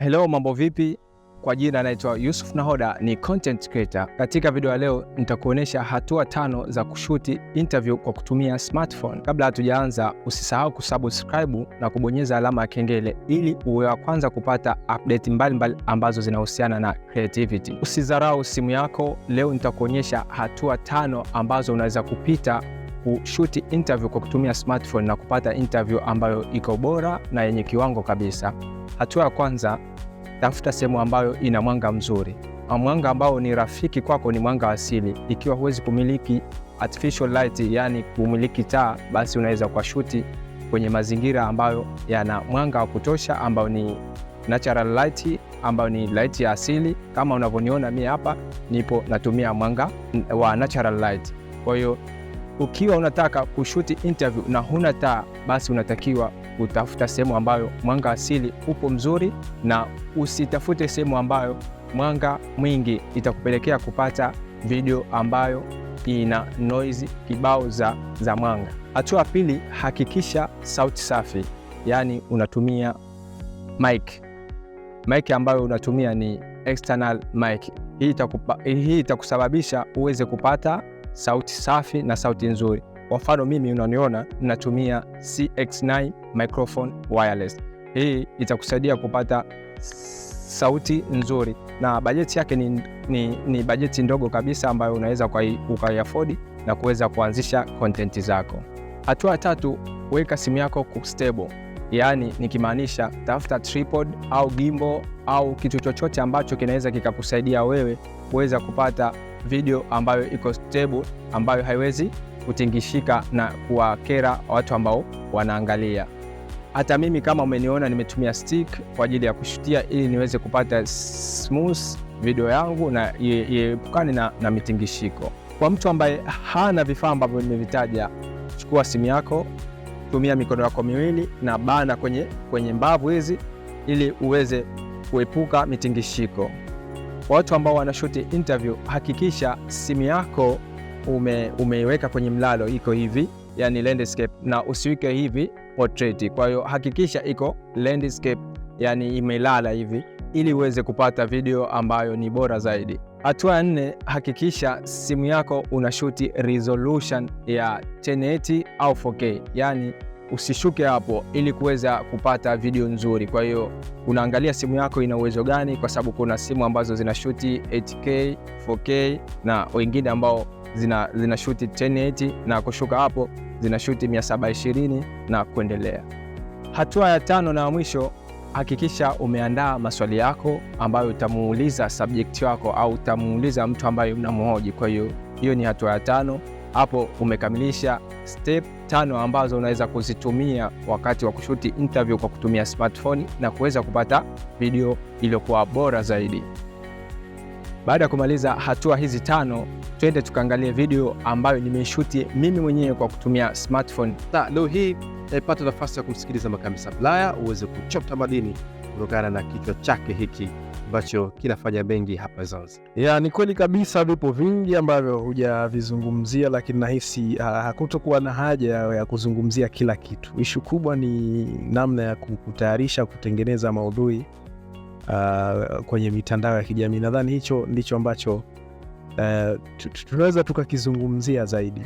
Hello, mambo vipi? Kwa jina naitwa Yusuf Nahoda, ni content creator. Katika video ya leo nitakuonyesha hatua tano za kushuti interview kwa kutumia smartphone. Kabla hatujaanza, usisahau kusubscribe na kubonyeza alama ya kengele ili uwe wa kwanza kupata update mbalimbali ambazo zinahusiana na creativity. Usidharau simu yako. Leo nitakuonyesha hatua tano ambazo unaweza kupita kushuti interview kwa kutumia smartphone na kupata interview ambayo iko bora na yenye kiwango kabisa. Hatua ya kwanza tafuta sehemu ambayo ina mwanga mzuri, ah, mwanga ambao ni rafiki kwako, ni mwanga wa asili. Ikiwa huwezi kumiliki artificial light, yani kumiliki taa, basi unaweza ukashuti kwenye mazingira ambayo yana mwanga wa kutosha ambao ni natural light, ambayo ni light ya asili. Kama unavyoniona mimi hapa nipo natumia mwanga wa natural light. Kwa hiyo ukiwa unataka kushuti interview na huna taa, basi unatakiwa kutafuta sehemu ambayo mwanga asili upo mzuri, na usitafute sehemu ambayo mwanga mwingi, itakupelekea kupata video ambayo ina noise kibao za, za mwanga. Hatua ya pili, hakikisha sauti safi, yaani unatumia mic. Mic ambayo unatumia ni external mic. Hii itakusababisha uweze kupata sauti safi na sauti nzuri. Kwa mfano mimi unaniona natumia CX9 microphone wireless. Hii itakusaidia kupata sauti nzuri na bajeti yake ni, ni, ni bajeti ndogo kabisa ambayo unaweza ukaiafodi na kuweza kuanzisha content zako. Hatua ya tatu, weka simu yako stable, yaani nikimaanisha tafuta tripod au gimbo au kitu chochote ambacho kinaweza kikakusaidia wewe kuweza kupata video ambayo iko stable ambayo haiwezi kutingishika na kuwakera watu ambao wanaangalia. Hata mimi kama umeniona nimetumia stick kwa ajili ya kushutia ili niweze kupata smooth video yangu na iepukane na, na mitingishiko. Kwa mtu ambaye hana vifaa ambavyo nimevitaja, chukua simu yako, tumia mikono yako miwili na bana kwenye, kwenye mbavu hizi ili uweze kuepuka mitingishiko. Kwa watu ambao wanashuti interview, hakikisha simu yako ume, umeiweka kwenye mlalo iko hivi, yani landscape, na usiweke hivi portrait. Kwa hiyo hakikisha iko landscape, yani imelala hivi, ili uweze kupata video ambayo ni bora zaidi. Hatua ya nne, hakikisha simu yako unashuti resolution ya 1080 au 4K, yani usishuke hapo ili kuweza kupata video nzuri. Kwa hiyo unaangalia simu yako ina uwezo gani, kwa sababu kuna simu ambazo zinashuti 8K, 4K na wengine ambao zina, zina shuti 1080 na kushuka hapo zina shuti 720 na kuendelea. Hatua ya tano na mwisho, hakikisha umeandaa maswali yako ambayo utamuuliza subject wako au utamuuliza mtu ambaye unamhoji. Kwa hiyo hiyo ni hatua ya tano. Hapo umekamilisha step tano ambazo unaweza kuzitumia wakati wa kushuti interview kwa kutumia smartphone na kuweza kupata video iliyokuwa bora zaidi. Baada ya kumaliza hatua hizi tano, twende tukaangalie video ambayo nimeishuti mimi mwenyewe kwa kutumia smartphone. Leo hii nilipata eh, nafasi ya kumsikiliza Makame Supplier uweze kuchota madini kutokana na kichwa chake hiki ambacho kinafanya mengi hapa Zanzibar. Ya, ni kweli kabisa, vipo vingi ambavyo hujavizungumzia, lakini nahisi uh, hakutokuwa na haja ya kuzungumzia kila kitu. Ishu kubwa ni namna ya kutayarisha, kutengeneza maudhui uh, kwenye mitandao ya kijamii. Nadhani hicho ndicho ambacho uh, tunaweza tukakizungumzia zaidi.